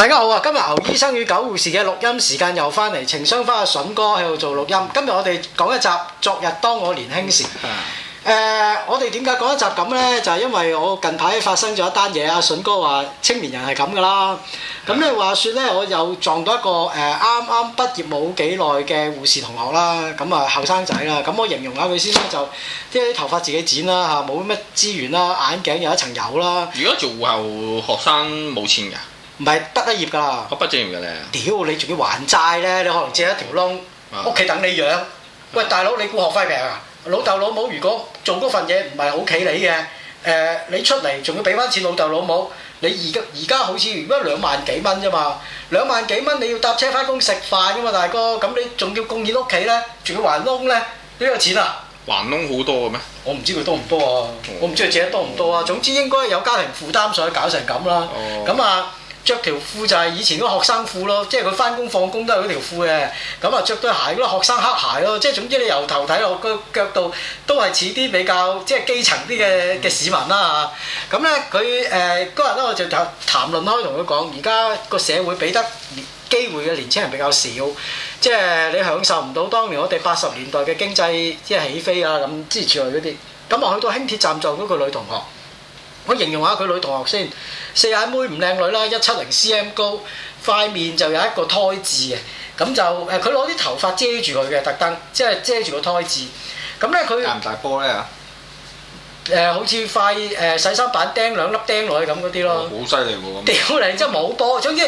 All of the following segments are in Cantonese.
大家好啊！今日牛醫生與狗護士嘅錄音時間又翻嚟，情商返阿筍哥喺度做錄音。今日我哋講一集《昨日當我年輕時》嗯。誒、呃，我哋點解講一集咁呢？就係、是、因為我近排發生咗一單嘢。阿、啊、筍哥話，青年人係咁噶啦。咁、嗯、咧，嗯、你話說呢，我又撞到一個誒，啱啱畢業冇幾耐嘅護士同學啦。咁啊，後生仔啦。咁我形容下佢先啦，就即係啲頭髮自己剪啦，吓冇乜資源啦，眼鏡有一層油啦。如果做護校學生冇錢噶？唔係得一頁㗎啦，我畢業嘅咧。屌，你仲要還債呢？你可能借一條窿，屋企、啊、等你養。啊、喂，大佬，你估學費病啊？老豆老母如果做嗰份嘢唔係好企理嘅，誒、呃，你出嚟仲要俾翻錢老豆老母。你而而家好似如果兩萬幾蚊啫嘛，兩萬幾蚊你要搭車翻工食飯嘅嘛，大哥，咁你仲要供住屋企呢？仲要還窿呢？呢個錢啊？還窿好多嘅咩？我唔知佢多唔多啊，哦、我唔知佢借得多唔多啊。總之應該有家庭負擔上去搞成咁啦。咁啊～、哦哦哦着條褲就係以前嗰學生褲咯，即係佢返工放工都係嗰條褲嘅，咁啊着對鞋嗰學生黑鞋咯，即係總之你由頭睇落個腳度都係似啲比較即係基層啲嘅嘅市民啦，咁咧佢誒嗰日咧，我就談論開同佢講，而家個社會俾得機會嘅年輕人比較少，即係你享受唔到當年我哋八十年代嘅經濟即係起飛啊咁之類嗰啲，咁啊去到輕鐵站做嗰個女同學。我形容下佢女同學先，四眼妹唔靚女啦，一七零 cm 高，塊面就有一個胎痣嘅，咁就誒佢攞啲頭髮遮住佢嘅，特登即係遮住個胎痣，咁咧佢大唔大波咧嚇？誒好似塊誒洗衫板釘兩粒釘落去咁嗰啲咯，好犀利喎！屌你，真係冇波！多，總之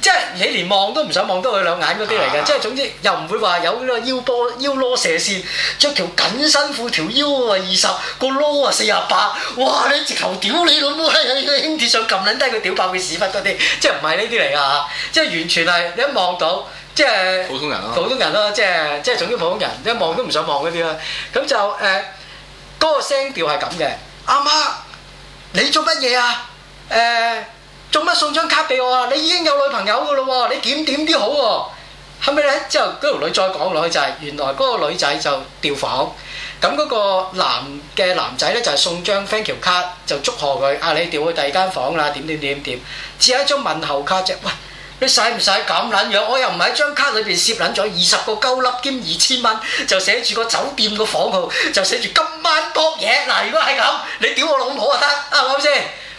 即係你連望都唔想望到佢兩眼嗰啲嚟嘅，即係總之又唔會話有呢個腰波腰攞射線，着條緊身褲條腰啊二十個攞啊四廿八，哇你直頭屌你咁啊！兄弟想撳撚低佢屌爆佢屎忽嗰啲，即係唔係呢啲嚟㗎嚇？即係完全係你一望到即係普通人咯，普通人咯，即係即係總之普通人，一望都唔想望嗰啲啦。咁就誒。嗰個聲調係咁嘅，阿、啊、媽，你做乜嘢啊？誒、欸，做乜送張卡俾我啊？你已經有女朋友㗎咯喎，你檢點啲好喎、啊。後尾咧，之後嗰條女再講落去就係、是，原來嗰個女仔就調房，咁、那、嗰個男嘅男仔咧就係、送張 friend 卡就祝賀佢，啊你調去第二間房啦，點點點點，只係一張問候卡啫，喂。你使唔使咁撚樣？我又唔喺張卡裏邊攝撚咗二十個鳩粒兼二千蚊，就寫住個酒店個房號，就寫住今晚扑嘢。嗱，如果係咁，你屌我老母就得，係啱先？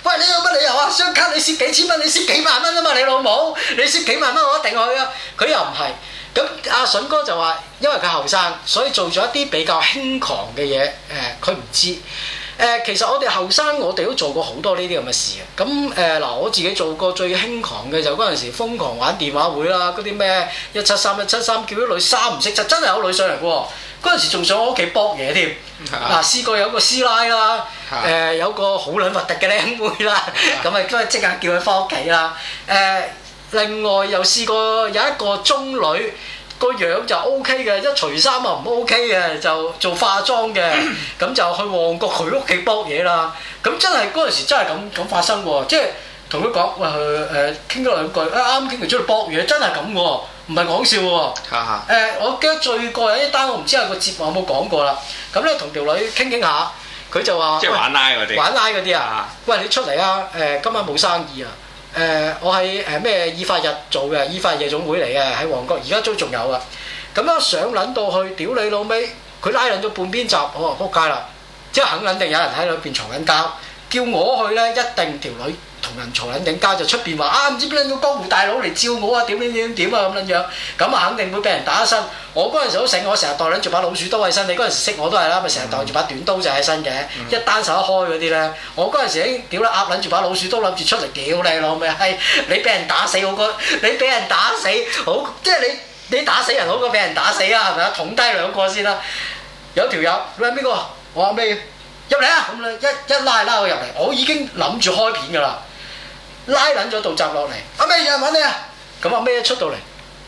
喂，你有乜理由啊？張卡你蝕幾千蚊，你蝕幾萬蚊啊嘛？你老母，你蝕幾萬蚊我一定去啊！佢又唔係咁，阿筍哥就話，因為佢後生，所以做咗一啲比較輕狂嘅嘢，誒、呃，佢唔知。誒，其實我哋後生，我哋都做過好多呢啲咁嘅事嘅。咁誒嗱，我自己做過最輕狂嘅就嗰陣時瘋狂玩電話會啦，嗰啲咩一七三一七三叫啲女三唔識七，真係有女上嚟嘅喎。嗰時仲想我屋企博嘢添。嗱是、啊啊，試過有個師奶啦，誒是、啊呃、有個好撚核突嘅靚妹啦，咁啊都係即刻叫佢返屋企啦。誒、啊，另外又試過有一個中女。個樣就 O K 嘅，一除衫啊唔 O K 嘅，就做化妝嘅，咁、嗯、就去旺角佢屋企博嘢啦。咁真係嗰陣時真係咁咁發生喎，即係同佢講誒誒傾咗兩句，啊啱傾完出嚟博嘢，真係咁喎，唔係講笑喎。誒哈、欸、我記得最過癮一單，我唔知個節目有冇講過啦。咁咧同條女傾傾下，佢就話即係玩拉嗰啲，玩拉嗰啲啊！喂，你出嚟啊！誒、呃，今晚冇生意啊！誒、呃，我係誒咩？意、呃、法日做嘅，意法日夜總會嚟嘅，喺旺角，而家都仲有啊！咁啊，上撚到去，屌你老味，佢拉撚咗半邊閘，我啊撲街啦！即係肯定，定有人喺裏邊藏緊膠，叫我去呢，一定條女。人財銀鼎家就出邊話啊？唔知邊個江湖大佬嚟照我啊？點點點點啊咁樣樣，咁啊肯定會俾人打身。我嗰陣時好醒，我成日袋撚住把老鼠刀喺身。你嗰陣時識我都係啦，咪成日袋住把短刀就喺身嘅，嗯、一單手一開嗰啲咧。我嗰陣時已經屌得鴨撚住把老鼠刀，諗住出嚟屌你咩？你俾人打死好過，你俾人打死好，即係你你打死人好過俾人打死啊？係咪啊？捅低兩個先啦。有條友，你係邊個？我話咩？入嚟啊！咁一一拉拉我入嚟，我已經諗住開片噶啦。拉撚咗道閘落嚟，阿咩人揾你啊？咁阿咩出到嚟？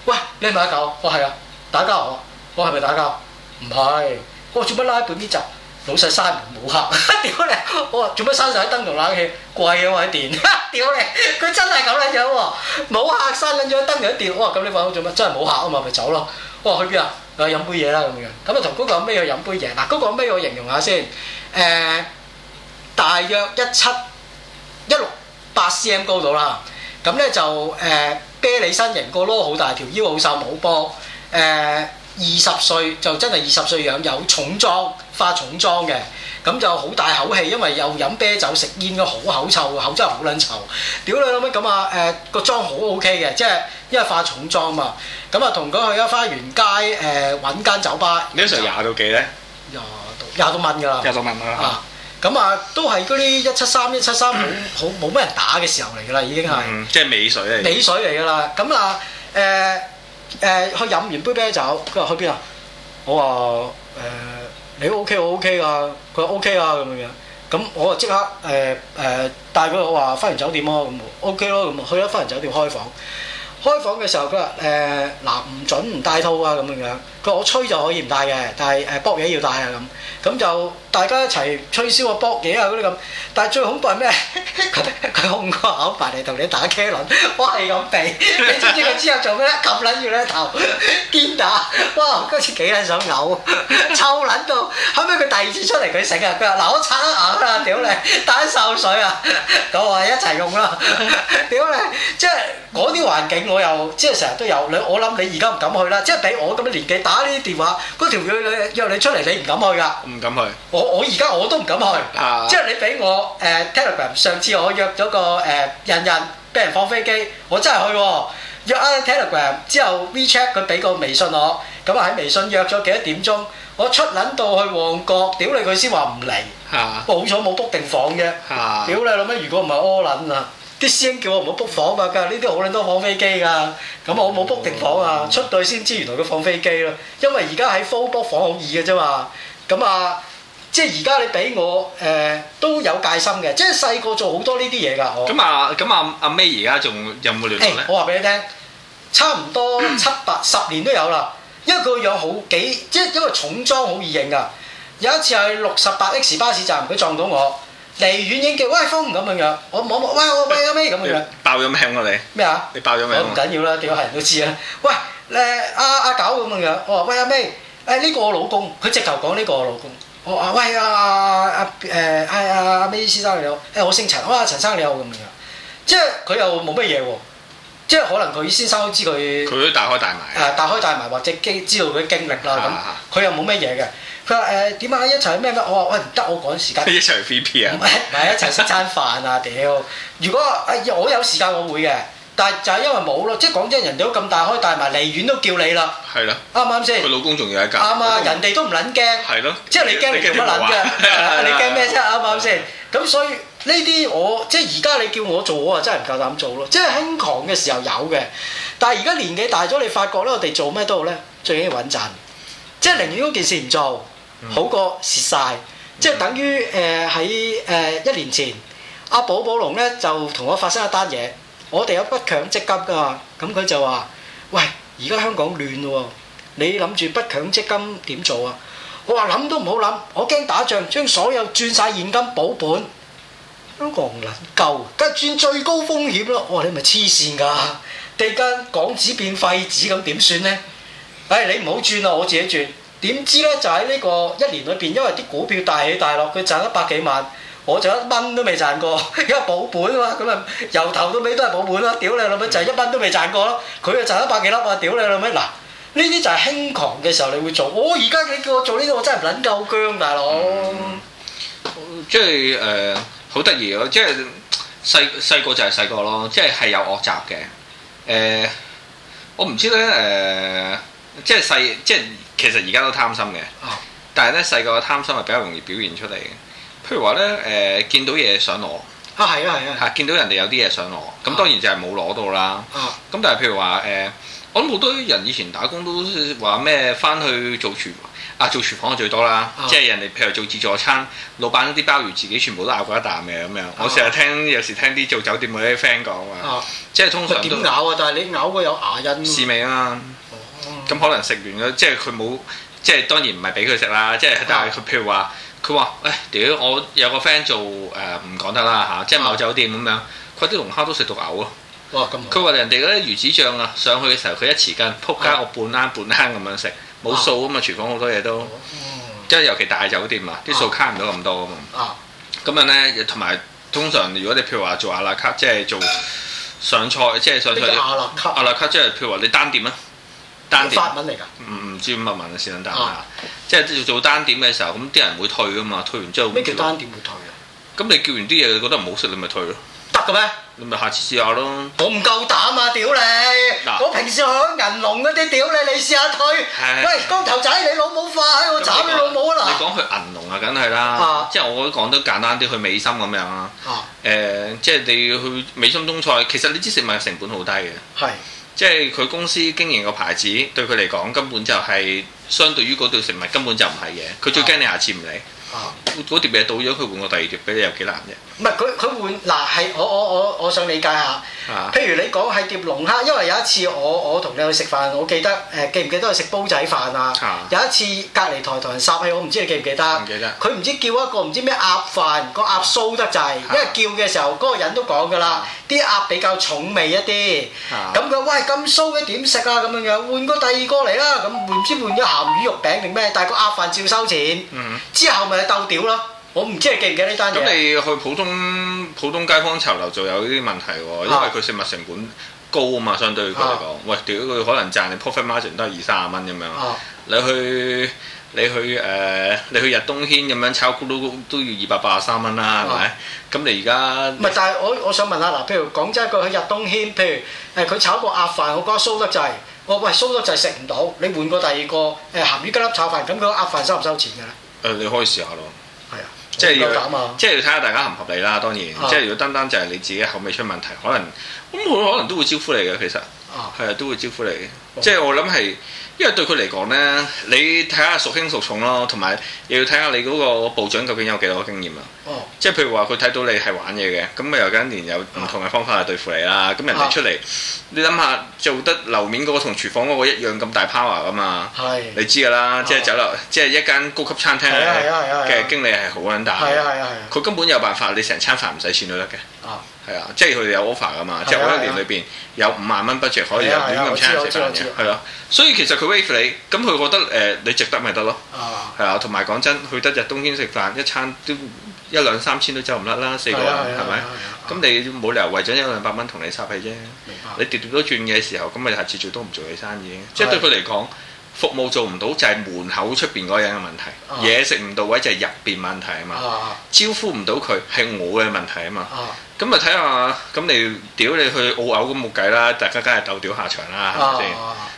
喂，你咪阿狗，我係啊，打交啊！我係咪打交？唔係，我做乜拉半啲閘？老細閂門冇客，屌你！我做乜閂晒喺燈同冷氣貴啊？我喺電，屌你！佢真係咁樣樣冇客閂撚咗喺燈一電。我話咁你問我做乜？真係冇客啊嘛，咪走咯。我話去邊啊？啊飲杯嘢啦咁樣。咁啊同嗰個阿咩去飲杯嘢？嗱，嗰個阿咩我形容下先。誒，大約一七一六。八 cm 高度啦，咁咧就誒、呃、啤梨身形，個攞好大條腰，腰好瘦冇波，誒二十歲就真係二十歲樣，有重裝化重裝嘅，咁就好大口氣，因為又飲啤酒食煙，應該好口臭，口真係好撚臭。屌你老味咁啊！誒個裝好 OK 嘅，即係因為化重裝嘛。咁啊同佢去咗花園街誒揾、呃、間酒吧。你通常廿到幾咧？廿到廿到蚊㗎啦。廿到蚊㗎啦。咁啊，都係嗰啲一七三一七三，好好冇咩人打嘅時候嚟㗎啦，已經係、嗯。即係尾水啊。尾水嚟㗎啦。咁啊，誒、呃、誒，佢、呃、飲完杯啤酒，佢話去邊啊？我話誒、呃，你 OK 我 OK 啊。佢話 OK 啊咁樣樣。咁我啊即刻誒誒、呃呃，帶佢我話花園酒店咯，咁 OK 咯，咁去咗花園酒店開房。開房嘅時候，佢話誒，嗱、呃、唔準唔帶套啊咁樣樣。個我吹就可以唔帶嘅，但係誒博嘢要帶啊，咁，咁就大家一齊吹簫啊博嘢啊嗰啲咁。但係最恐怖係咩？佢佢控個口埋嚟同你打茄輪，我係咁比，你知唔知佢之後做咩咧？冚撚住你頭，堅打，哇！嗰次幾撚想嘔，臭撚到。後尾佢第二次出嚟，佢醒啊，佢話嗱我撐得硬啦，屌你，帶啲潲水啊，咁我一齊用啦，屌你！即係嗰啲環境我又即係成日都有，我諗你而家唔敢去啦。即係俾我咁嘅年紀打呢啲電話，嗰條女約你出嚟，你唔敢去噶，唔敢去。我我而家我都唔敢去，的即係你俾我誒 Telegram。呃、Tele gram，上次我約咗個誒、呃、人人俾人放飛機，我真係去喎。約啱 Telegram 之後 WeChat 佢俾個微信我，咁啊喺微信約咗幾多點鐘，我出撚到去旺角，屌你佢先話唔嚟，好彩冇 book 定房啫，屌你諗咩？如果唔係屙撚啊。啲師兄叫我唔好 book 房啊，㗎呢啲好撚多放飛機㗎，咁我冇 book 定房啊，哦、出到先知原來佢放飛機咯。因為在在 v v 而家喺 phone book 房好易嘅啫嘛，咁啊，即係而家你俾我誒都有戒心嘅，即係細個做好多呢啲嘢㗎，我。咁啊，咁啊，阿 May 而家仲有冇聯絡咧、欸？我話俾你聽，差唔多七八、嗯、十年都有啦，因為佢有好幾，即係因為重裝好易認㗎。有一次係六十八 X 巴士站，佢撞到我。離遠影叫威風咁樣樣，哎、我望望，嗯嗯，喂我喂阿妹咁樣樣，爆咗名我你咩啊？你爆咗名，唔緊要啦，屌係人都知啊。喂，誒阿阿狗咁樣樣，我話喂阿妹，誒呢個我老公，佢直頭講呢個我老公。我話喂阿阿誒阿阿阿咩先生你好，誒我，嗯、我姓陳，我阿陳生你好咁樣。即係佢又冇乜嘢喎，即係，就是，可能佢先生知佢，佢都大開大埋，誒大開大埋或者經知道佢經歷啦咁，佢又冇乜嘢嘅。那他 佢話誒點啊一齊咩咩？我話喂唔得，我趕時間。一齊 VP 啊？唔係唔係一齊食餐飯啊屌！如果啊我有時間我會嘅，但係就係因為冇咯，即係講真，人哋都咁大開帶埋，離遠都叫你啦。係啦，啱唔啱先？佢老公仲有一間。啱啊，人哋都唔撚驚。係咯，即係你驚叫乜撚嘅？你驚咩啫？啱唔啱先？咁所以呢啲我即係而家你叫我做，我啊真係唔夠膽做咯。即係輕狂嘅時候有嘅，但係而家年紀大咗，你發覺咧，我哋做咩都好咧，最緊要穩陣。即係寧願嗰件事唔做。好過蝕晒，即係等於誒喺，誒一年前，阿寶寶龍呢就同我發生一單嘢。我哋有筆強積金㗎，咁佢就話，喂，而家香港亂喎，你諗住不強積金點做啊？我話諗都唔好諗，我驚打仗，將所有轉晒現金保本。香港唔能夠，梗係轉最高風險咯。我話你咪黐線㗎，跌緊港紙變廢紙咁點算呢？唉，哎，你唔好轉啦，我自己轉。點知咧？就喺呢個一年裏邊，因為啲股票大起大落，佢賺一百幾萬，我就一蚊都未賺過，因為保本啊嘛，咁啊由頭到尾都係保本啦。屌你老味，就係一蚊都未賺過咯。佢啊賺一百幾粒啊，屌你老味！嗱，呢啲就係輕狂嘅時候你會做。我而家你叫我做呢啲，我真係唔撚夠姜大佬。即係誒，好得意咯！即係細細個就係細個咯，即係係有惡習嘅。誒，我唔知咧。誒，即係細，即係。即係其實而家都貪心嘅，但係咧細個貪心係比較容易表現出嚟嘅。譬如話咧，誒、呃、見到嘢想攞，啊係啊係啊，嚇見到人哋有啲嘢想攞，咁當然就係冇攞到啦。咁但係譬如話誒、呃，我諗好多人以前打工都話咩翻去做廚，啊做廚房嘅最多啦，啊、即係人哋譬如做自助餐，老闆啲鮑魚自己全部都咬過一啖嘅咁樣。我成日聽、啊、有時聽啲做酒店嗰啲 friend 講啊，啊即係通常點咬啊？但係你咬過有牙印。試味啊！咁、嗯、可能食完咗，即係佢冇，即係當然唔係俾佢食啦。即係，啊、但係佢譬如話，佢話誒屌，唉我有個 friend 做誒唔講得啦吓、啊，即係某酒店咁樣，佢啲龍蝦都食到嘔咯。佢話人哋嗰啲魚子醬啊，上去嘅時候佢一匙羹，撲街我半攬半攬咁樣食，冇數啊嘛，廚房好多嘢都，即係、啊嗯、尤其大酒店啊，啲數卡唔到咁多啊嘛。啊，咁樣咧，同埋通常如果你譬如話做阿拉卡，即係做上菜，即係上菜阿、啊、拉卡，即係譬如話你單點啊。法文嚟噶，唔唔知咩文嘅事啦，即係做單點嘅時候，咁啲人會退噶嘛，退完之後咩叫單點會退啊？咁你叫完啲嘢，你覺得唔好食，你咪退咯，得嘅咩？你咪下次試下咯。我唔夠膽啊！屌你嗱，我平時去銀龍嗰啲屌你，你試下退。喂，光頭仔，你老母化，我砍你老母啊嗱！你講去銀龍啊，梗係啦，即係我講得簡單啲，去美心咁樣啊。誒，即係你去美心中菜，其實你支食物成本好低嘅。係。即係佢公司經營個牌子，對佢嚟講根本就係相對於嗰碟食物根本就唔係嘅。佢最驚你下次唔嚟，嗰、啊啊、碟嘢倒咗，佢換個第二碟俾你，又幾難嘅。唔係佢佢換，嗱，係我我我我想理解下。啊、譬如你講係碟龍蝦，因為有一次我我同你去食飯，我記得誒、呃、記唔記得去食煲仔飯啊？啊有一次隔離台台人霎氣，我唔知你記唔記得？唔記得。佢唔知叫一個唔知咩鴨飯，個鴨騷得滯，啊、因為叫嘅時候嗰、嗰個人都講噶啦，啲鴨比較重味一啲。咁佢話：喂，咁騷嘅點食啊？咁樣樣換個第二個嚟啦，咁唔知換咗鹹魚肉餅定咩？但係個鴨飯照收錢。之後咪鬥屌咯。嗯嗯我唔知係記唔記得呢單嘢。咁你去普通普通街坊茶樓就有呢啲問題喎，因為佢食物成本高啊嘛，相對佢嚟講，喂，屌佢可能賺你 profit margin 都係二三十蚊咁樣是是你。你去你去誒，你去日東軒咁樣炒咕嚕都，都要二百八十三蚊啦，係咪？咁你而家唔係，但係我我想問下嗱，譬如講真一個去日東軒，譬如誒佢、呃、炒個鴨飯，我覺得酥得滯，我、呃、喂酥得滯食唔到，你換個第二個誒鹹魚雞粒炒飯，咁佢個鴨飯收唔收錢㗎咧？誒呢，你可以試下咯。即係、嗯、要，即係要睇下大家合唔合理啦。當然，啊、即係如果單單就係你自己口味出問題，可能咁佢可能都會招呼你嘅。其實係啊，都會招呼你嘅。啊、即係我諗係。因為對佢嚟講呢，你睇下孰輕孰重咯，同埋又要睇下你嗰個部長究竟有幾多經驗啦。哦，即係譬如話佢睇到你係玩嘢嘅，咁咪有緊然有唔同嘅方法去對付你啦。咁人哋出嚟，你諗下做得樓面嗰個同廚房嗰個一樣咁大 power 噶嘛？係，你知㗎啦。即係酒樓，即係一間高級餐廳嘅經理係好撚大。係啊係啊係啊，佢根本有辦法你成餐飯唔使錢都得嘅。係啊，即係佢哋有 offer 㗎嘛，即係嗰一年裏邊有五萬蚊 budget 可以任亂咁請人食飯嘅，係啊，所以其實佢 waive 你，咁佢覺得誒你值得咪得咯。係啊，同埋講真，去得日冬天食飯一餐都一兩三千都走唔甩啦，四個人係咪？咁你冇理由為咗一兩百蚊同你嘥氣啫。你跌跌都轉嘅時候，咁咪下次最多唔做你生意。即係對佢嚟講。服務做唔到就係門口出邊嗰人嘅問題，嘢、哦、食唔到位就係入邊問題啊嘛，哦、招呼唔到佢係我嘅問題啊嘛，咁咪睇下，咁你屌你去澳嘔咁冇計啦，大家梗係鬥屌下場啦，係咪先？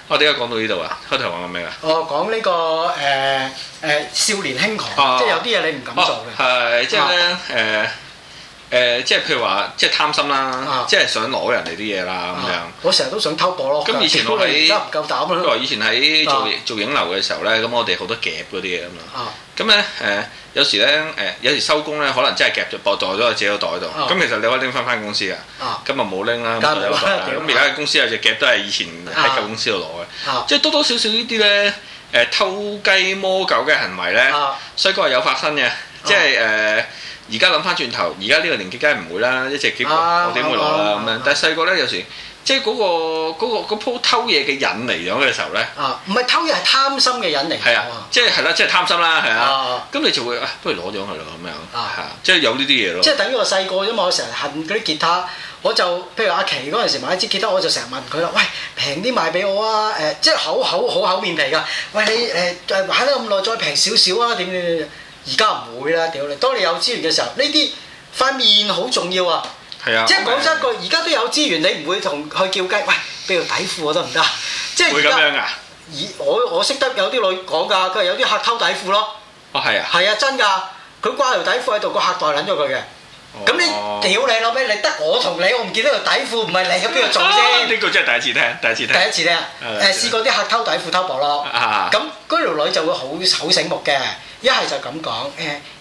我點解講到呢度啊？嗯、開頭、哦、講咩、這、啊、個？我講呢個誒誒少年輕狂，哦、即係有啲嘢你唔敢做嘅，係、哦哦哦哦嗯、即係咧誒。誒，即係譬如話，即係貪心啦，即係想攞人哋啲嘢啦咁樣。我成日都想偷袋咯。咁以前我喺，原來以前喺做做影樓嘅時候咧，咁我哋好多夾嗰啲嘢啊嘛。咁咧誒，有時咧誒，有時收工咧，可能真係夾住袋袋咗喺自己個袋度。咁其實你可以拎翻翻公司嘅，咁啊冇拎啦，咁而家公司有隻夾都係以前喺舊公司度攞嘅，即係多多少少呢啲咧誒偷雞摸狗嘅行為咧，所以個係有發生嘅，即係誒。而家諗翻轉頭，而家呢個年紀梗係唔會啦，一隻幾磅，啊、我點會攞啦咁樣？啊、但細個咧有時，即係嗰、嗰個嗰、嗰個嗰個、偷嘢嘅人嚟咗嘅時候咧，啊，唔係偷嘢係貪心嘅人嚟，係啊，即係啦，即係貪心啦，係啊，咁你就會啊，不如攞咗佢咯咁樣，啊，即係有呢啲嘢咯，即係等於我細個因為，我成日恨嗰啲吉他，我就譬如阿琪嗰陣時買一支吉他，我就成日問佢啦，喂，平啲賣俾我啊，誒、呃，即係厚厚好厚面皮㗎，喂，你誒誒玩得咁耐，再平少少啊，點點而家唔會啦，屌你！當你有資源嘅時候，呢啲塊面好重要啊！啊，即係講真句，而家的都有資源，你唔會同佢叫雞，喂，俾條底褲我都唔得，即係會咁樣啊！而我我識得有啲女講㗎，佢係有啲客偷底褲咯，啊係、哦、啊，係啊真㗎，佢掛條底褲喺度，個客袋撚咗佢嘅。咁你屌你老味，你得我同你，我唔見到條底褲，唔係你喺邊度做啫？呢個真係第一次聽，第一次聽。第一次聽，誒試、啊、過啲客偷底褲偷薄咯。咁嗰條女就會好好醒目嘅，一係就咁講，誒，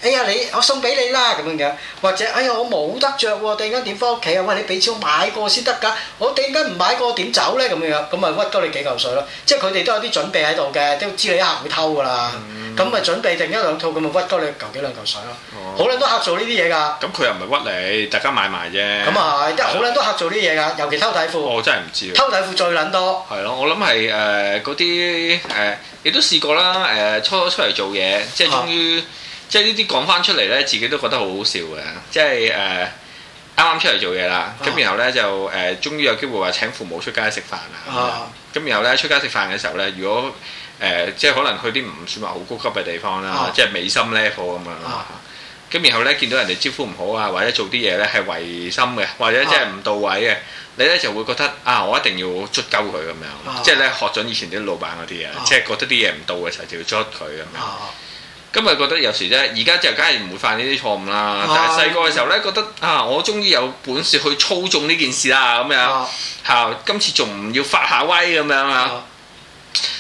哎呀你，我送俾你啦咁樣樣，或者，哎呀我冇得着喎，突然間點翻屋企啊？喂，你俾錢買過先得㗎，我突然間唔買過點走咧？咁樣樣，咁咪屈多你幾嚿水咯。即係佢哋都有啲準備喺度嘅，都知你一客會偷㗎啦。咁咪、嗯、準備定一兩套，咁咪屈多你嚿幾兩嚿水咯。好撚、哦、多客做呢啲嘢㗎，咁佢又唔係屈你，大家買埋啫。咁啊係，即係好撚多客做呢啲嘢㗎，尤其偷底褲，哦。我真係唔知，偷底褲最撚多。係咯，我諗係誒嗰啲誒，亦、呃呃、都試過啦。誒、呃、初初出嚟做嘢，即係終於，啊、即係呢啲講翻出嚟咧，自己都覺得好好笑嘅。即係誒啱啱出嚟做嘢啦，咁、啊、然後咧就誒終於有機會話請父母出街食飯啦。咁、啊、然後咧出街食飯嘅時候咧，如果誒，即係可能去啲唔算話好高級嘅地方啦，即係美心 level 咁樣。咁然後咧見到人哋招呼唔好啊，或者做啲嘢咧係違心嘅，或者即係唔到位嘅，你咧就會覺得啊，我一定要捽鳩佢咁樣。即係咧學準以前啲老闆嗰啲啊，即係覺得啲嘢唔到嘅時候就要捽佢咁樣。咁咪覺得有時啫，而家就梗係唔會犯呢啲錯誤啦。但係細個嘅時候咧，覺得啊，我終於有本事去操縱呢件事啦，咁樣嚇，今次仲唔要發下威咁樣啊！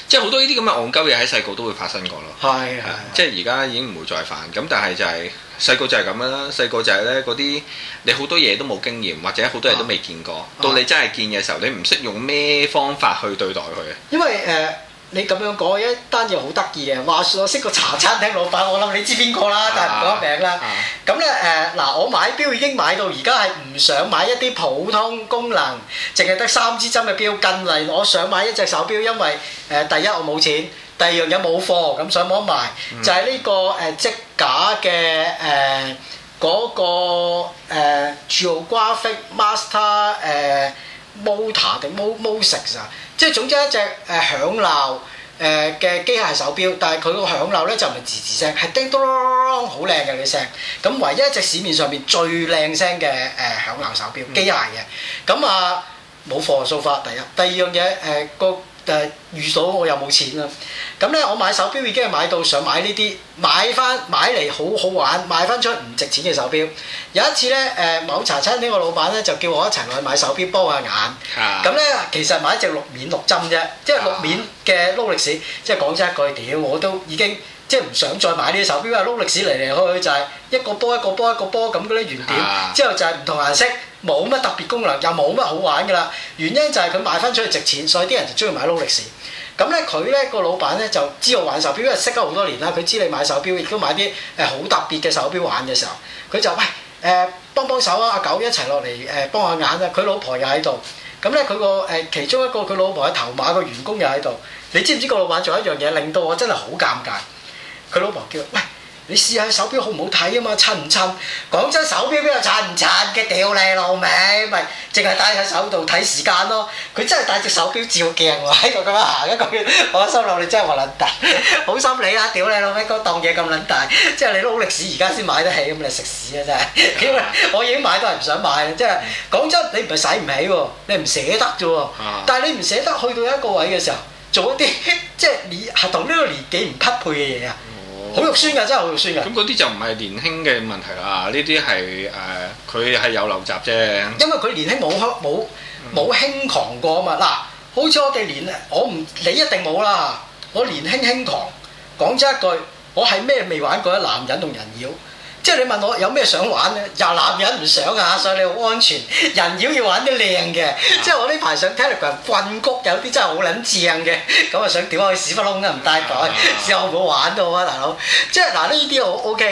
即係好多呢啲咁嘅戇鳩嘢喺細個都會發生過咯，係係。即係而家已經唔會再犯，咁但係就係細個就係咁啦。細個就係咧嗰啲你好多嘢都冇經驗，或者好多嘢都未見過，到你真係見嘅時候，你唔識用咩方法去對待佢。因為誒，呃你咁樣講一單嘢好得意嘅，話我識個茶餐廳老闆，我諗你知邊個啦，但唔講名啦。咁咧誒，嗱我買表已經買到，而家係唔想買一啲普通功能，淨係得三支針嘅表。近嚟我想買一隻手錶，因為誒第一我冇錢，第二樣嘢冇貨，咁上網買就係呢個誒即假嘅誒嗰個誒 Geographic Master 誒。motor 定 mo-music 咋？即係總之一隻誒、呃、響鬧誒嘅機械手錶，但係佢個響鬧咧就唔係吱吱聲，係叮咚好靚嘅啲聲。咁唯一一隻市面上面最靚聲嘅誒、呃、響鬧手錶，機械嘅。咁、嗯、啊冇貨數法。So、far，第一第二樣嘢誒、呃、個。誒、呃、遇到我又冇錢啦、啊，咁咧我買手錶已經係買到想買呢啲，買翻買嚟好好玩，買翻出唔值錢嘅手錶。有一次咧，誒、呃、某茶餐廳個老闆咧就叫我一齊落去買手錶幫下眼，咁咧、啊、其實買一隻綠面綠針啫，即係綠面嘅勞力士，啊、即係講真一句，屌我都已經。即係唔想再買啲手錶，勞力士嚟嚟去去就係、是、一個波一個波一個波咁嗰啲原點，之後就係唔同顏色，冇乜特別功能，又冇乜好玩噶啦。原因就係佢賣翻出去值錢，所以啲人就中意買勞力士。咁咧佢咧個老闆咧就知道玩手錶，因為識咗好多年啦。佢知你買手錶亦都買啲誒好特別嘅手錶玩嘅時候，佢就喂誒、呃、幫幫手啊！阿狗一齊落嚟誒幫下眼啊！佢老婆又喺度，咁咧佢個誒其中一個佢老婆嘅頭馬個員工又喺度。你知唔知個老闆做一樣嘢，令到我真係好尷尬？佢老婆叫：喂，你試下手表好唔好睇啊嘛？襯唔襯？講真，手表邊度襯唔襯嘅？屌你老味，咪淨係戴喺手度睇時間咯。佢真係戴隻手表照鏡喎，喺度咁樣行一個月。我心諗你真係話撚大，好心理啦、啊！屌你老味，嗰檔嘢咁撚大，即係你都好歷史而家先買得起咁，你食屎啊！真係，因為我已經買都係唔想買啦。即係講真，你唔係使唔起喎，你唔捨得啫喎。但係你唔捨得去到一個位嘅時候，做一啲即係你係同呢個年紀唔匹配嘅嘢啊！好肉酸㗎，真係好肉酸㗎！咁嗰啲就唔係年輕嘅問題啦，呢啲係誒佢係有陋習啫。因為佢年輕冇輕冇冇輕狂過啊嘛！嗱、啊，好似我哋年，我唔你一定冇啦。我年輕輕狂，講真一句，我係咩未玩過啊？男人同人妖。即係你問我有咩想玩咧？又男人唔想㗎、啊，所以你好安全。人妖要玩啲靚嘅，即係我呢排想 Telegram 棍谷有，啊、有啲真係好撚正嘅，咁啊想點開屎忽窿都唔帶袋，之後好玩到啊大佬！即係嗱呢啲好 OK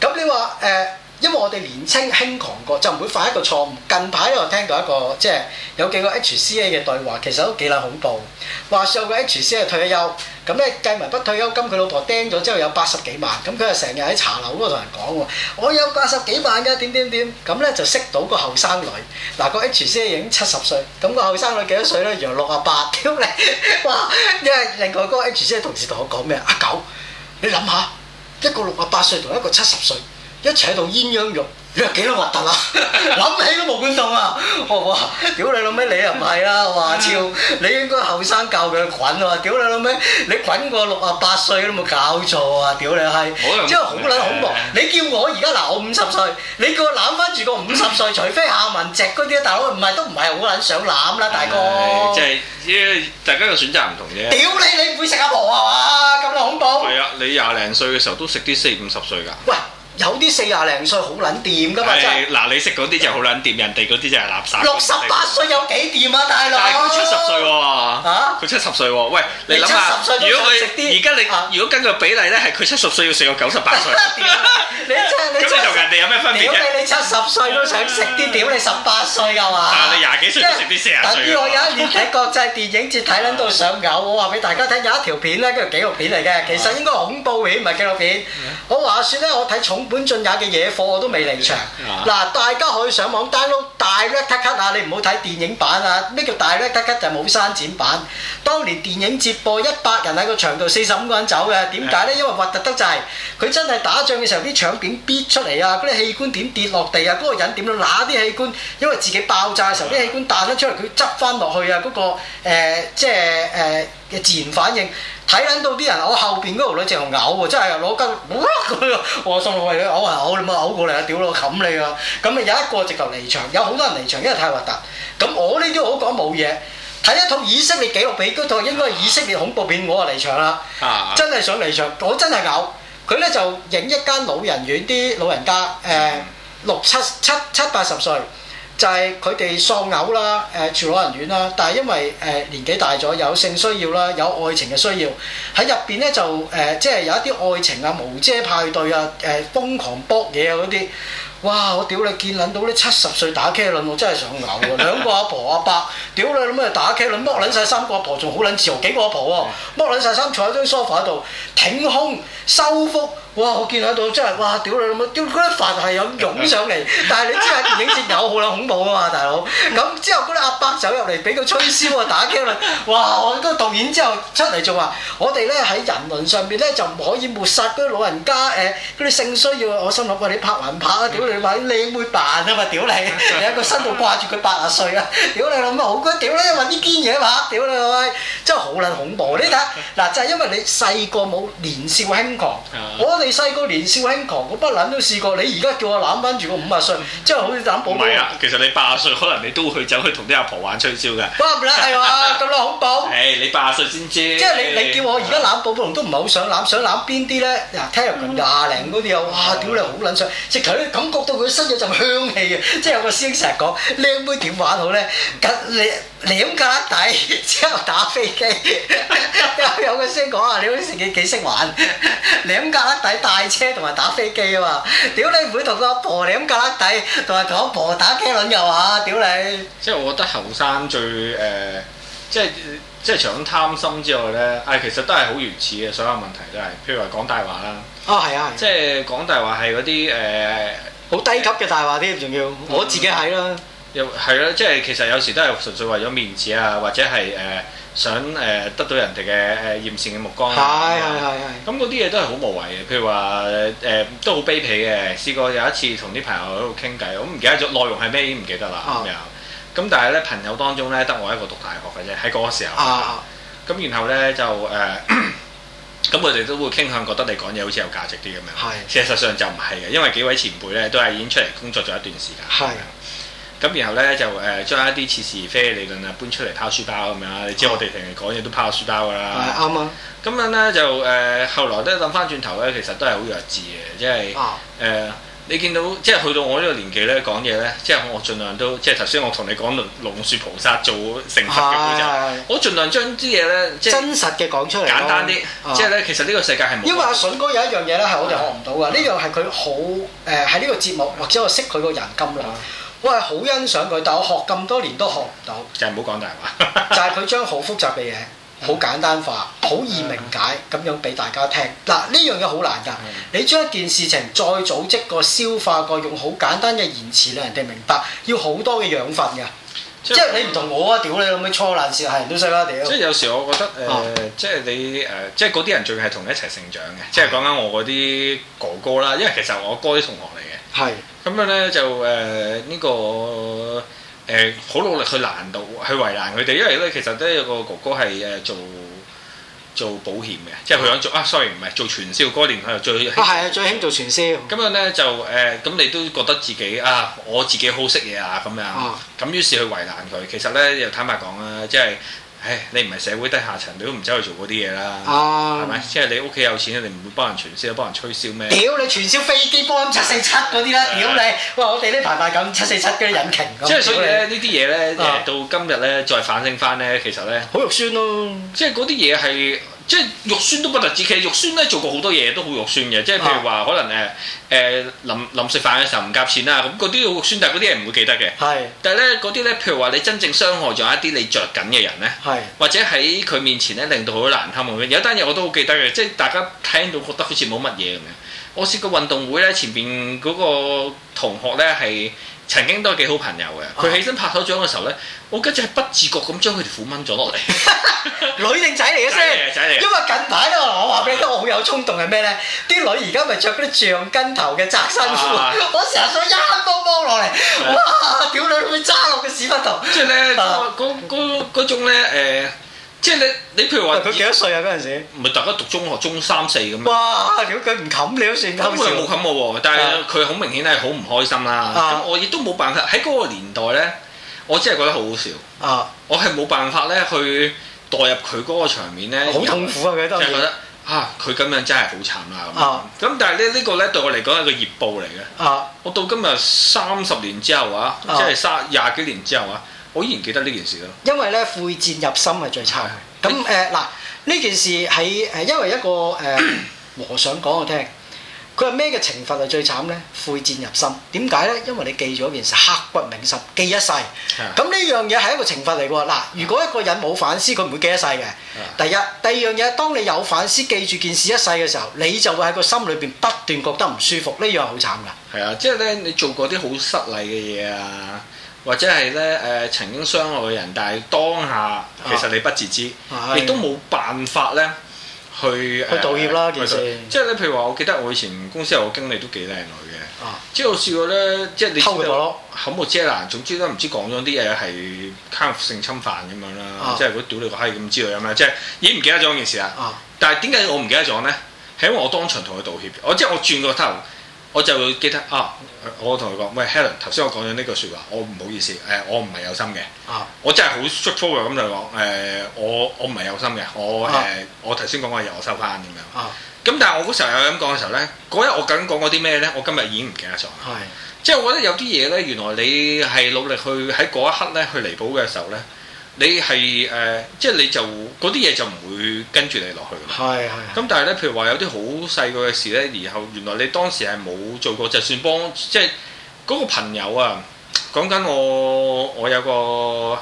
嘅，咁你話誒？呃因為我哋年青輕狂過，就唔會犯一個錯誤。近排我聽到一個，即係有幾個 HCA 嘅對話，其實都幾撚恐怖。話說有個 HCA 退咗休，咁咧計埋筆退休金，佢老婆釘咗之後有八十幾萬，咁佢就成日喺茶樓嗰度同人講喎：我有八十幾萬㗎，點點點。咁咧就識到個後生女，嗱個 HCA 已經七十歲，咁個後生女幾多歲咧？原來六啊八，屌你！哇！因為另外個 HCA 嘅同事同我講咩啊？九，你諗下，一個六啊八歲同一個七十歲。一齊喺度鴛鴦肉，你話幾多核突啊？諗 起都毛管戙啊、哦！哇！屌你老味，你又唔係啦！哇超！你應該後生教佢滾喎、啊！屌你老味，你滾過六啊八歲都冇搞錯啊！屌你閪！即係好撚恐怖！欸、你叫我而家嗱，我五十歲，你叫我攬翻住個五十歲，嗯、除非夏文汐嗰啲大佬，唔係都唔係好撚想攬啦，大哥。大哥欸、即係，大家嘅選擇唔同啫。屌你！你唔會食阿婆啊嘛？咁又恐怖。係啊！你廿零歲嘅時候都食啲四五十歲㗎。喂！有啲四廿零歲好撚掂㗎嘛，即係嗱你識嗰啲就好撚掂，人哋嗰啲就係垃圾。六十八歲有幾掂啊，大佬？佢七十歲喎，佢七十歲喎，喂你諗下，如果佢食啲。而家你如果根據比例咧，係佢七十歲要食到九十八歲，點啊？你七十你七人哋有咩分別？屌你七十歲都想食啲，屌你十八歲啊嘛！但你廿幾歲食啲四廿？等於我有一年睇國際電影節睇撚到想咬，我話俾大家聽有一條片咧，跟住紀錄片嚟嘅，其實應該恐怖片唔係紀錄片。我話説咧，我睇重。本進也嘅嘢火我都未離場，嗱、啊、大家可以上網 download 大叻卡卡啊！Card, 你唔好睇電影版啊！咩叫大叻卡卡就係冇刪剪版。當年電影接播一百人喺個場度，四十五個人走嘅，點解呢？因為核突得滯、就是，佢真係打仗嘅時候啲場景逼出嚟啊！嗰啲器官點跌落地啊？嗰、那個人點？嗱啲器官因為自己爆炸嘅時候啲器官彈出嚟，佢執翻落去啊！嗰、那個、呃、即係誒。呃.自然反應，睇緊到啲人，我後邊嗰條女直頭嘔喎，真係攞根，哇佢，我心諗喂佢嘔啊嘔，你冇嘔過嚟啊，屌咯，冚你啊！咁啊有一個直頭離場，有好多人離場，因為太核突。咁我呢啲好講冇嘢，睇一套以色列紀錄片，嗰套應該係以色列恐怖片，我就離場啦，啊啊啊真係想離場，我真係嘔佢咧就影一間老人院啲老人家，誒六七七七八十歲。就係佢哋喪偶啦，誒、呃、住老人院啦，但係因為誒、呃、年紀大咗，有性需要啦，有愛情嘅需要喺入邊咧就誒、呃，即係有一啲愛情啊、無遮派對啊、誒瘋狂搏嘢啊嗰啲，哇！我屌你，見撚到啲七十歲打茄輪，我真係想嘔喎！兩個阿婆阿伯，屌你諗咩打茄輪，剝撚晒三個阿婆仲好撚自豪，幾個阿婆喎，剝撚晒衫坐喺張 sofa 度挺胸收腹。哇！我見喺到真係哇！屌你老母，屌嗰啲飯係有湧上嚟，但係你知啊，電影節友好撚 恐怖啊嘛，大佬。咁之後嗰啲阿伯走入嚟俾個吹簫啊打 call 啦。哇！嗰個導演之後出嚟就話：我哋咧喺人倫上邊咧就唔可以抹殺嗰啲老人家誒嗰啲性需要。我心諗：喂，你拍還拍啊！屌你老母，你靚扮啊嘛！屌你，你喺 個身度掛住佢八啊歲啊！屌你老母，好、嗯、鬼屌啦！一啲堅嘢拍，屌你老閪，真係好撚恐怖。你睇嗱，呃呃、就係因為你細個冇年少輕狂，你細個年少輕狂，我不撚都試過。你而家叫我攬翻住個五啊歲，即係好似攬寶寶。唔係啊，其實你八啊歲可能你都會去走去同啲阿婆玩吹簫嘅。哇！唔係嘛，咁都恐怖。誒，你八啊歲先知。即係你你叫我而家攬寶寶都唔係好想攬，想攬邊啲咧？嗱，聽日廿零嗰啲啊，哇！屌你，好撚想直頭咧感覺到佢身有陣香氣啊！嗯、即係有個師兄成日講，靚妹點玩好咧？吉叻。舐隔笠底之後打飛機， 有個聲講啊，你好似幾幾識玩，舐隔笠底帶車同埋打飛機啊嘛？屌你唔會同個阿婆舐隔笠底，同埋同阿婆打茄輪又嘛？屌你！即係我覺得後生最誒、呃，即係即係除咗貪心之外咧，誒其實都係好原始嘅所有問題都係，譬如話講大話啦。哦，係啊，啊即係講大話係嗰啲誒，好、呃、低級嘅大話添，仲要我自己係啦。嗯又係咯，即係其實有時都係純粹為咗面子啊，或者係誒想誒得到人哋嘅誒艷羨嘅目光。係係係係。咁嗰啲嘢都係好無謂嘅，譬如話誒都好卑鄙嘅。試過有一次同啲朋友喺度傾偈，我唔記得咗內容係咩已經唔記得啦咁樣。咁但係咧朋友當中咧得我一個讀大學嘅啫，喺嗰個時候。咁然後咧就誒，咁佢哋都會傾向覺得你講嘢好似有價值啲咁樣。係。事實上就唔係嘅，因為幾位前輩咧都係已經出嚟工作咗一段時間。係。咁然後咧就誒將、呃、一啲似是而非理論啊，搬出嚟拋書包咁樣，你知我哋平日講嘢都拋書包㗎啦。係啱啊！咁、啊、樣咧就誒、呃、後來咧諗翻轉頭咧，其實都係好弱智嘅，即係誒、啊呃、你見到即係去到我呢個年紀咧講嘢咧，即係我儘量都即係頭先我同你講龍龍樹菩薩做成佛嘅故事，啊啊、我儘量將啲嘢咧真實嘅講出嚟，簡單啲，啊、即係咧其實呢個世界係因為阿筍哥有一樣嘢咧係我哋學唔到嘅，呢樣係佢好誒喺呢個節目或者我識佢個人咁耐。我係好欣賞佢，但我學咁多年都學唔到。就係唔好講大話。就係佢將好複雜嘅嘢，好簡單化，好易明解咁樣俾大家聽。嗱，呢樣嘢好難㗎。你將一件事情再組織個消化過，用好簡單嘅言辭令人哋明白，要好多嘅養分㗎。即係你唔同我啊！屌你，咁樣搓爛事，係人都識啦！屌。即係有時我覺得誒，即係你誒，即係嗰啲人仲係同你一齊成長嘅，即係講緊我嗰啲哥哥啦。因為其實我哥啲同學嚟嘅。係。咁樣咧就誒呢、呃呢個誒好、呃、努力去難度，去為難佢哋，因為咧其實都有個哥哥係誒做做保險嘅，嗯、即係佢想做啊，sorry 唔係做傳銷嗰年佢又最啊最啊最興做傳銷。咁樣咧就誒咁、呃、你都覺得自己啊我自己好識嘢啊咁樣，咁於、嗯、是去為難佢。其實咧又坦白講啊，即係。唉，你唔係社會低下層，你都唔走去做嗰啲嘢啦，哦、啊，係咪？即、就、係、是、你屋企有錢，你唔會幫人傳銷、幫人吹銷咩？屌你、啊、你，傳銷飛機波音七四七嗰啲啦！屌你，哇！我哋呢排買緊七四七嗰啲引擎。即係、啊、所以咧，以呢啲嘢咧，啊、到今日咧再反省翻咧，其實咧，好肉酸咯、啊。即係嗰啲嘢係。即係肉酸都不特止，其實肉酸咧做過好多嘢都好肉酸嘅，即係譬如話、啊、可能誒誒臨臨食飯嘅時候唔夾錢啦，咁嗰啲好肉酸，但係嗰啲人唔會記得嘅。係是，但係咧嗰啲咧，譬如話你真正傷害咗一啲你着緊嘅人咧，係，是 或者喺佢面前咧令到好難堪咁樣，有一單嘢我都好記得嘅，即係大家聽到覺得好似冇乜嘢咁樣。我試過運動會咧前邊嗰個同學咧係。曾經都係幾好朋友嘅，佢起身拍手掌嘅時候咧， 我跟住係不自覺咁將佢哋褲掹咗落嚟。女定仔嚟嘅先，仔嚟？因為近排咧，我話俾你聽，我好有衝動係咩咧？啲女而家咪着嗰啲橡筋頭嘅窄身褲，啊、我成日想一摸摸落嚟，哇！的屌女會揸落個屎忽頭，即係咧嗰種咧誒。呃即係你，你譬如話，佢幾多歲啊？嗰陣時，咪大家讀中學中三四咁樣。哇！如果佢唔冚你都算冚，冇冚我喎。但係佢好明顯係好唔開心啦。咁我亦都冇辦法喺嗰個年代咧，我真係覺得好好笑。我係冇辦法咧去代入佢嗰個場面咧。好痛苦啊！佢當時就覺得啊，佢咁樣真係好慘啦。咁，咁但係咧呢個咧對我嚟講係個業報嚟嘅。我到今日三十年之後啊，即係三廿幾年之後啊。我依然記得呢件事咯。因為咧，悔戰入心係最差。咁誒嗱，呢件事係誒，因為一個誒、呃、和尚講我聽，佢話咩嘅懲罰係最慘咧？悔戰入心，點解咧？因為你記住件事刻骨銘心，記一世。咁呢樣嘢係一個懲罰嚟喎。嗱，如果一個人冇反思，佢唔會記一世嘅。第一、第二樣嘢，當你有反思，記住件事一世嘅時候，你就會喺個心裏邊不斷覺得唔舒服。呢樣好慘㗎。係啊，即係咧，你做過啲好失禮嘅嘢啊。或者係咧，誒曾經傷害嘅人，但係當下其實你不自知，亦都冇辦法咧去去道歉啦。其實即係咧，譬如話，我記得我以前公司有個經理都幾靚女嘅，即係我試過咧，即係偷佢個口冇遮攔。總之都唔知講咗啲嘢係性侵犯咁樣啦，即係佢屌你個閪咁之類咁啦。即係已經唔記得咗件事啦。但係點解我唔記得咗咧？係因為我當場同佢道歉，我即係我轉過頭。我就會記得啊！我同佢講喂，Helen，頭先我講咗呢句説話，我唔好意思，誒、呃，我唔係有心嘅。啊，我真係好 straightforward 咁嚟講，誒、呃，我我唔係有心嘅，我誒、啊呃，我頭先講嘅嘢我收翻咁樣。啊，咁但係我嗰時候有咁講嘅時候咧，嗰日我究竟講過啲咩咧？我今日已經唔記得咗。係是，即係我覺得有啲嘢咧，原來你係努力去喺嗰一刻咧去彌補嘅時候咧。你係誒、呃，即係你就嗰啲嘢就唔會跟住你落去咯。係咁 但係咧，譬如話有啲好細個嘅事咧，然後原來你當時係冇做過，就算幫即係嗰、嗰個朋友啊，講緊我我有個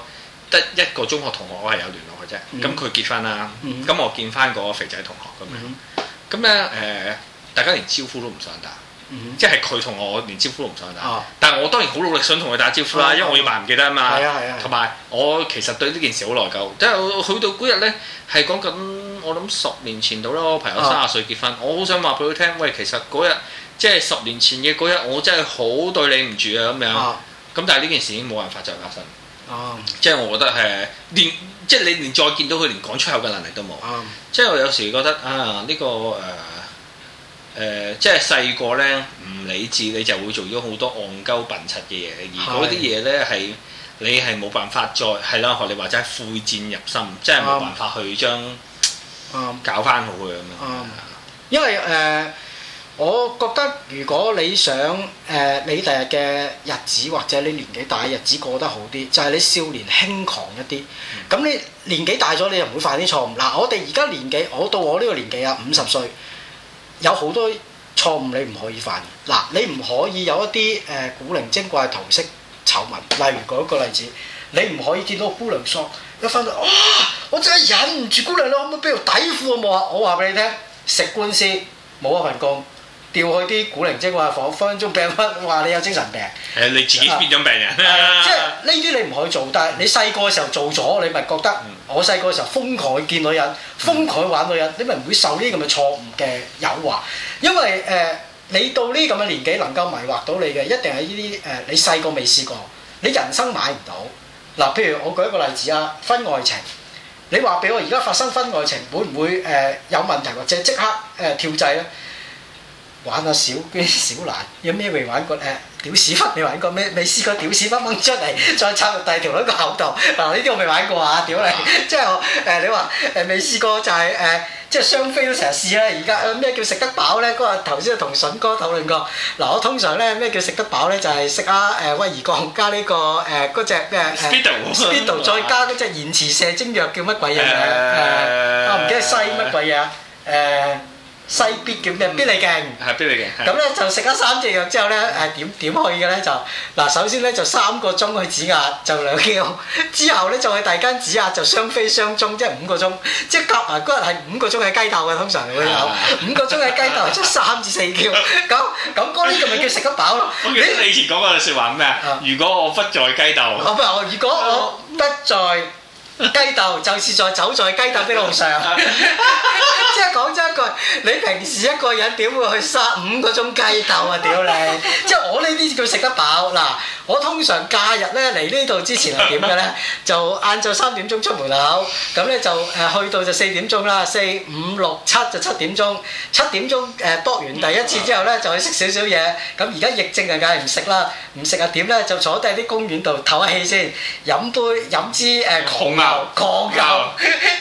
得一個中學同學我係有聯絡嘅啫。咁佢、嗯、結婚啦，咁、嗯、我見翻個肥仔同學咁樣，咁咧誒，大家連招呼都唔想打。嗯、即係佢同我連招呼都唔想打，啊、但係我當然好努力想同佢打招呼啦，啊、因為我要萬唔記得啊嘛。係啊係啊。同埋、啊、我其實對呢件事好內疚，即係去到嗰日呢，係講緊，我諗十年前到啦，我朋友三十歲結婚，我好想話俾佢聽，喂，其實嗰日即係十年前嘅嗰日，我真係好對你唔住啊咁樣。咁、啊、但係呢件事已經冇辦法再發生。啊、即係我覺得係連即係你連再見到佢，連講出口嘅能力都冇。嗯、即係我有時覺得啊，呢、嗯嗯嗯這個誒。嗯嗯嗯嗯嗯誒、呃，即係細個咧，唔理智，你就會做咗好多戇鳩笨柒嘅嘢，而嗰啲嘢咧係你係冇辦法再係啦。學你話齋，悔箭入心，即係冇辦法去將、嗯、搞翻好佢咁樣。嗯嗯、因為誒、呃，我覺得如果你想誒、呃，你第日嘅日子或者你年紀大日子過得好啲，就係、是、你少年輕狂一啲。咁你年紀大咗，你就唔會犯啲錯誤。嗱、呃，我哋而家年紀，我到我呢個年紀啊，五十歲。嗯有好多錯誤你唔可以犯，嗱你唔可以有一啲誒、呃、古靈精怪嘅桃色醜聞，例如舉一個例子，你唔可以見到姑娘喪一翻到，哇、哦！我真係忍唔住姑娘啦，可唔可俾條底褲我摸下？我話俾你聽，食官司冇啊份工，調去啲古靈精怪嘅房，分分鐘病翻，話你有精神病。誒，你自己變咗病人啦！即係呢啲你唔可以做，但係你細個嘅時候做咗，你咪覺得。嗯我細個嘅時候瘋狂去見女人，瘋狂玩女人，你咪唔會受呢咁嘅錯誤嘅誘惑，因為誒、呃、你到呢咁嘅年紀能夠迷惑到你嘅，一定係呢啲誒你細個未試過，你人生買唔到嗱、呃。譬如我舉一個例子啊，婚外情，你話俾我而家發生婚外情會唔會誒、呃、有問題或者即刻誒、呃、跳掣咧？玩阿小娟小蘭有咩未玩過誒？屌屎忽你玩過咩？未 試過屌屎忽掹出嚟，再插入第二條女個口度嗱？呢啲我未玩過啊！屌你！即係我誒你話誒未試過就係、是、誒，即、呃、係雙飛都成日試啦。而家咩叫食得飽咧？嗰日頭先同筍哥討論過嗱、呃。我通常咧咩叫食得飽咧？就係食阿誒威而鋼加呢、這個誒嗰隻咩 s p i d e l Spider 再加嗰隻延遲射精藥叫乜鬼嘢、啊？誒我唔記得西乜鬼嘢、啊、誒。啊啊啊啊西必叫咩？必嚟鏡，係必嚟鏡，咁咧就食咗三隻藥之後咧，誒點點去嘅咧就嗱，首先咧就三個鐘去指壓就兩條，之後咧就去第二間指壓就雙飛雙中，即係五個鐘，即係夾啊嗰日係五個鐘喺雞竇嘅，通常會有五個鐘喺雞竇出三至四條，咁咁嗰呢個咪叫食得飽咯。你以前講過句説話咩？如果我不在雞竇，唔係我如果我不在。雞豆就是在走在雞豆的路上，即係講真一句，你平時一個人點會去三五個鐘雞豆啊？屌你！即係我呢啲叫食得飽嗱，我通常假日咧嚟呢度之前係點嘅咧？就晏晝三點鐘出門口，咁咧就誒去到就四點鐘啦，四五六七就七點鐘，七點鐘誒搏完第一次之後咧就去食少少嘢，咁而家疫症又梗係唔食啦，唔食啊點咧就坐低喺啲公園度唞下氣先，飲杯飲支誒紅啊！狂牛，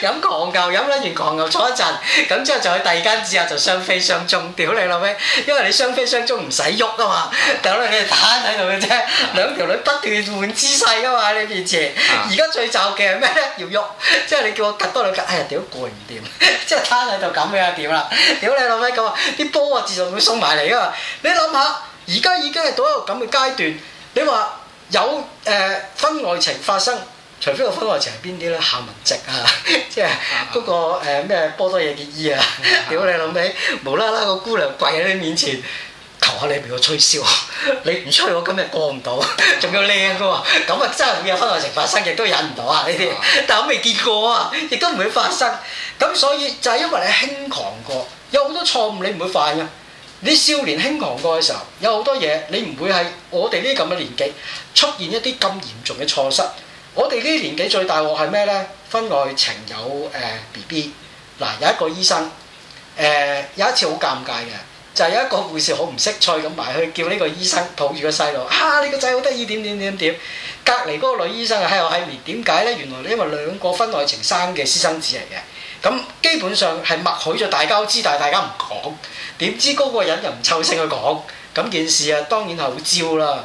飲狂牛，飲甩有完狂牛，坐一陣，咁之後就去第二間，之後就雙飛相蹤，屌你老味！因為你雙飛相蹤唔使喐啊嘛，屌你，你係攤喺度嘅啫，兩條女不斷換姿勢噶嘛，喺你面前。而家最就嘅係咩咧？要喐，即係你叫我吉多兩趌，哎呀，屌攰唔掂，即係攤喺度咁嘅點啦，屌你老味咁啊！啲波啊自動會鬆埋嚟啊嘛，你諗下，而家已經係到一個咁嘅階段，你話有誒婚外情發生？除非個婚外情係邊啲咧？夏文汐啊， 即係嗰、嗰個咩、呃、波多野結衣啊？屌 你諗起，無啦啦個姑娘跪喺你面前求下你俾我吹簫，你唔吹我今日過唔到，仲要靚噶喎！咁啊真係會有婚外情發生，亦都忍唔到啊呢啲，但係我未見過啊，亦都唔會發生。咁所以就係因為你輕狂過，有好多錯誤你唔會犯嘅。啲少年輕狂過嘅時候，有好多嘢你唔會係我哋呢啲咁嘅年紀出現一啲咁嚴重嘅錯失。我哋呢啲年紀最大鑊係咩呢？婚外情有誒、呃、B B 嗱有一個醫生誒、呃、有一次好尷尬嘅，就係、有一個護士好唔識趣咁埋去叫呢個醫生抱住個細路，啊，你個仔好得意點點點點，隔離嗰個女醫生喺我喺面點解呢？原來因為兩個婚外情生嘅私生子嚟嘅，咁、嗯、基本上係默許咗大家都知道，但大家唔講，點知嗰個人又唔湊聲去講，咁件事啊當然係好焦啦。.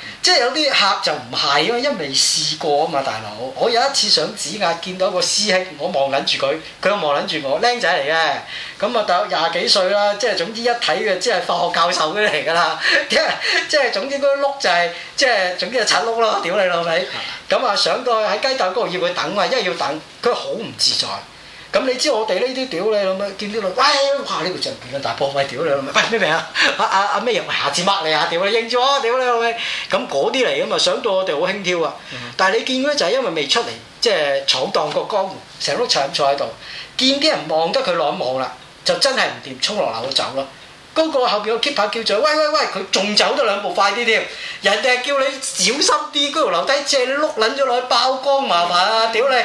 即係有啲客就唔係啊，因為未試過啊嘛，大佬。我有一次上指壓見到一個師兄，我望緊住佢，佢又望緊住我，僆仔嚟嘅。咁啊，大約廿幾歲啦，即係總之一睇嘅，即係化學教授嗰啲嚟㗎啦。即係總之嗰啲碌就係，即係總之係刷碌咯，屌你老味。咁啊，上到去喺雞竇嗰度要佢等啊，因為要等，佢好唔自在。咁你知我哋呢啲屌你老味，見啲佬喂，哇呢個真變啊大波費屌你，喂咩名啊？阿阿阿咩人？下次掹你啊屌你，認咗屌你老味。咁嗰啲嚟噶嘛，想到我哋好輕佻啊。但係你見佢就係因為未出嚟，即係闖蕩過江湖，成碌柴咁坐喺度，見啲人望得佢攞網啦，就真係唔掂，衝落樓走咯。嗰個後邊個 keep 叫住，喂喂喂，佢仲走多兩步，快啲添！人哋係叫你小心啲，嗰條樓梯借你碌撚咗落去爆光嘛嘛，麻煩啊！屌你，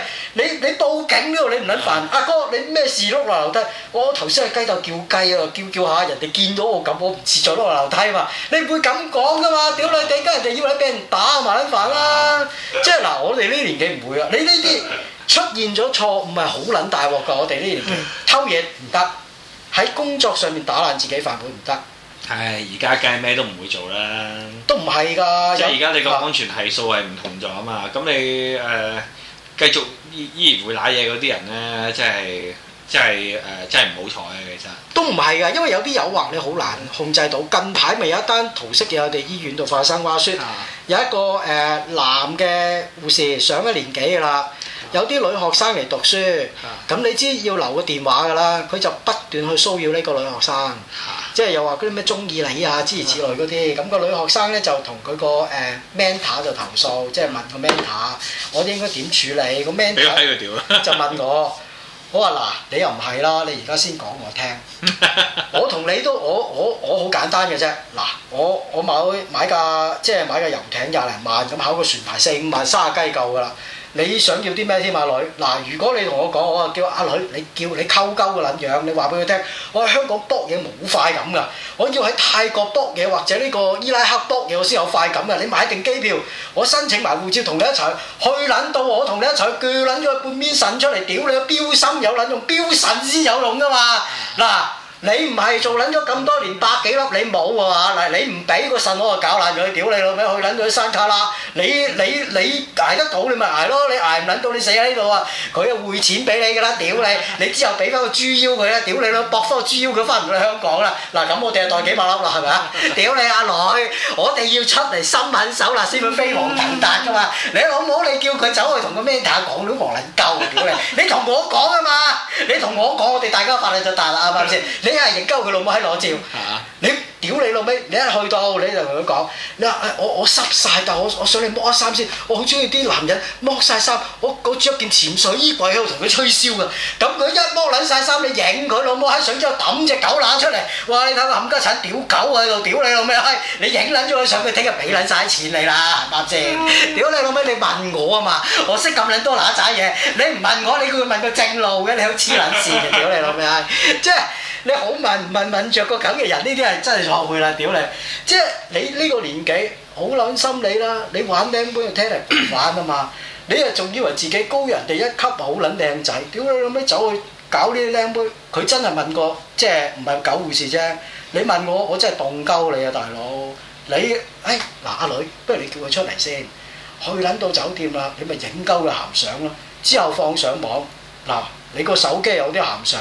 你到你報警呢度你唔撚煩？阿哥，你咩事碌落樓梯？我頭先喺雞竇叫雞啊，叫叫下，人哋見到我咁，我唔知咗碌落樓梯嘛？你唔會咁講噶嘛？屌 你、 就是，你而家人哋以為俾人打，麻撚煩啦！即係嗱，我哋呢年紀唔會啊！你呢啲出現咗錯誤係好撚大鑊噶，我哋呢年紀偷嘢唔得。喺工作上面打爛自己飯碗唔得，唉，而家梗係咩都唔會做啦，都唔係㗎，即係而家你個安全係數係唔同咗啊嘛，咁、啊、你誒、呃、繼續依依然會揦嘢嗰啲人咧，真係真係誒、呃、真係唔好彩啊其實，都唔係㗎，因為有啲誘惑你好難控制到，近排咪有一單桃色嘅我哋醫院度發生話説，啊、有一個誒、呃、男嘅護士上咗年紀㗎啦。有啲女學生嚟讀書，咁、啊、你知要留個電話㗎啦。佢就不斷去騷擾呢個女學生，啊、即係又話嗰啲咩中意你啊，諸如此類嗰啲。咁、啊、個女學生咧就同佢個誒 mentor 就投訴，即、就、係、是、問個 mentor 我應該點處理？個 mentor 就問我，好啊，嗱你又唔係啦，你而家先講我聽。 我同你都我我我好簡單嘅啫。嗱我我買買，買架即係買架遊艇廿零萬咁，考個船牌四五萬，三廿雞夠㗎啦。你想要啲咩添阿女？嗱，如果你同我講，我就叫啊叫阿女，你叫你溝鳩個撚樣，你話畀佢聽，我喺香港搏嘢冇快感噶，我要喺泰國搏嘢或者呢個伊拉克搏嘢，我先有快感噶。你買定機票，我申請埋護照，同你一齊去，去，去撚到我同你一齊去，攰撚咗半邊腎出嚟，屌你個標心有撚用，標腎先有用噶嘛？嗱。你唔係做撚咗咁多年百幾粒你冇啊嘛？嗱，你唔俾個腎我，搞爛咗，屌你老味！去撚咗啲山卡拉，你你你捱得到你咪捱咯，你捱唔撚到你死喺呢度啊！佢又匯錢俾你㗎啦，屌你！你之後俾翻個豬腰佢啦，屌你老！搏翻個豬腰佢翻唔到香港啦！嗱，咁我哋係袋幾百粒啦，係咪啊？屌你阿女！我哋要出嚟心狠手辣先會飛黃騰達㗎嘛！你老母你叫佢走去同個咩大講老王爛鳩，屌你！你同我講啊嘛！你同我講，我哋大家壓力就大啦，係咪先？你係影鳩佢老母喺裸照，你屌你老味，你一去到你就同佢講，你話我我濕曬，但係我我想你剝衫先，我好中意啲男人剝曬衫，我我著件潛水衣鬼喺度同佢吹簫㗎，咁佢一剝撚曬衫，你影佢老母喺水之後抌隻狗乸出嚟，哇！你睇個冚家鏟屌狗喺度屌你老味閪，你影撚咗佢上去，佢聽日俾撚曬錢你啦，係嘛？屌你老味，你問我啊嘛，我識咁撚多乸仔嘢，你唔問我，你會問佢正路嘅，你好黐撚線嘅，屌你老味閪，即係。你好問問問著個咁嘅人，呢啲係真係錯會啦，屌你！即係你呢個年紀好撚心理啦，你玩靚妹又聽嚟玩啊嘛！你又仲以為自己高人哋一級好撚靚仔，屌你咁樣走去搞呢啲靚妹，佢真係問過，即係唔係狗護士啫？你問我，我真係戙鳩你啊，大佬！你誒嗱，阿女，不如你叫佢出嚟先，去撚到酒店啦，你咪影鳩佢鹹相咯，之後放上網。嗱，你個手機有啲鹹相。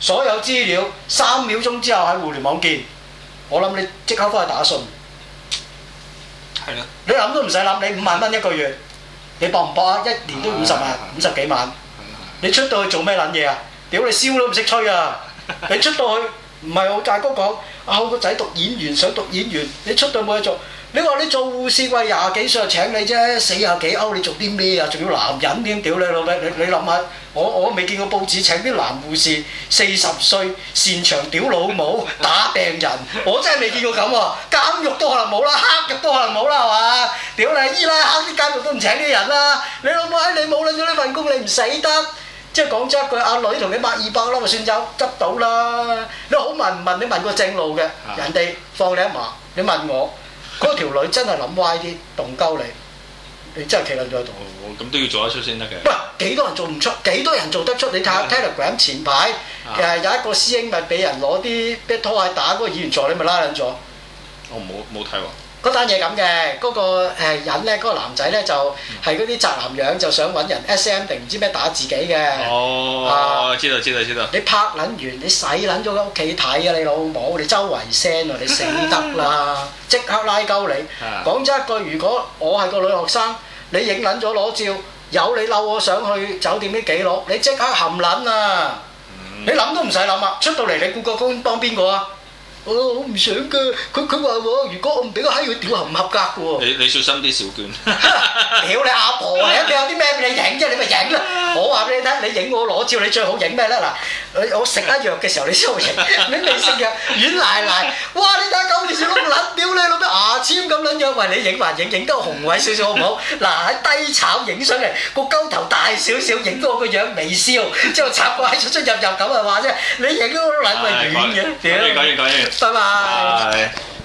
所有資料三秒鐘之後喺互聯網見，我諗你即刻翻去打信。係咯的，你諗都唔使諗，你五萬蚊一個月，你博唔博啊？一年都五十萬，的五十幾萬。的你出到去做咩撚嘢啊？屌你燒都唔識吹啊！你出到去唔係我大哥講，我個仔讀演員，想讀演員，你出到去冇嘢做。你話你做護士貴廿幾歲就請你啫，四廿幾歐你做啲咩啊？仲要男人添？屌你老味！你你諗下，我我未見過報紙請啲男護士四十歲擅長屌老母打病人，我真係未見過咁喎。監獄都可能冇啦，黑獄都可能冇啦，係嘛？屌你依家黑啲監獄都唔請啲人啦！你老母喺你冇攞到呢份工，你唔死得！即係講咗一句，阿女同你抹二百粒咪算走執到啦。你好問唔問？你問個正路嘅人哋放你一馬，你問我。嗰條女真係諗歪啲，戙鳩你，你真係企撚咗喺度！咁、哦、都要做得出先得嘅。喂，幾多人做唔出？幾多人做得出？你睇下 Telegram 前排，啊、其實有一個師兄咪俾人攞啲啤拖鞋打嗰個議員座，你咪拉撚咗。我冇冇睇喎。嗰單嘢咁嘅，嗰、嗰個人咧，嗰、嗰個男仔咧就係嗰啲宅男樣，就想揾人 S M 定唔知咩打自己嘅。哦、啊知，知道知道知道。你拍撚完，你洗撚咗屋企睇啊！你老母，你周圍 send，你死得啦！即、啊、刻拉鳩你。講真、啊、一句，如果我係個女學生，你影撚咗裸照，有你嬲我上去酒店啲記錄？你即刻含撚啊！嗯、你諗都唔使諗啊！出到嚟你顧個工幫邊個啊？我我唔想噶，佢佢話喎，如果我唔俾個閪佢屌係唔合格嘅喎。你你小心啲，小娟。屌你阿婆啊！你有啲咩俾你影啫？你咪影囉！我話俾你聽，你影我裸照，你最好影咩咧？嗱，我我食得藥嘅時候你先會影，你未食藥軟賴賴。哇！你睇下鳩啲小鹿撚，屌你老咩牙籤咁撚樣，喂，你影埋影影得宏偉少少好唔好？嗱喺低炒影出嚟個鳩頭大少少，影到我個樣微笑，之後插個喺出出入入咁啊話啫。你影咗個撚咪軟嘅，屌！你講嘢講嘢。拜拜。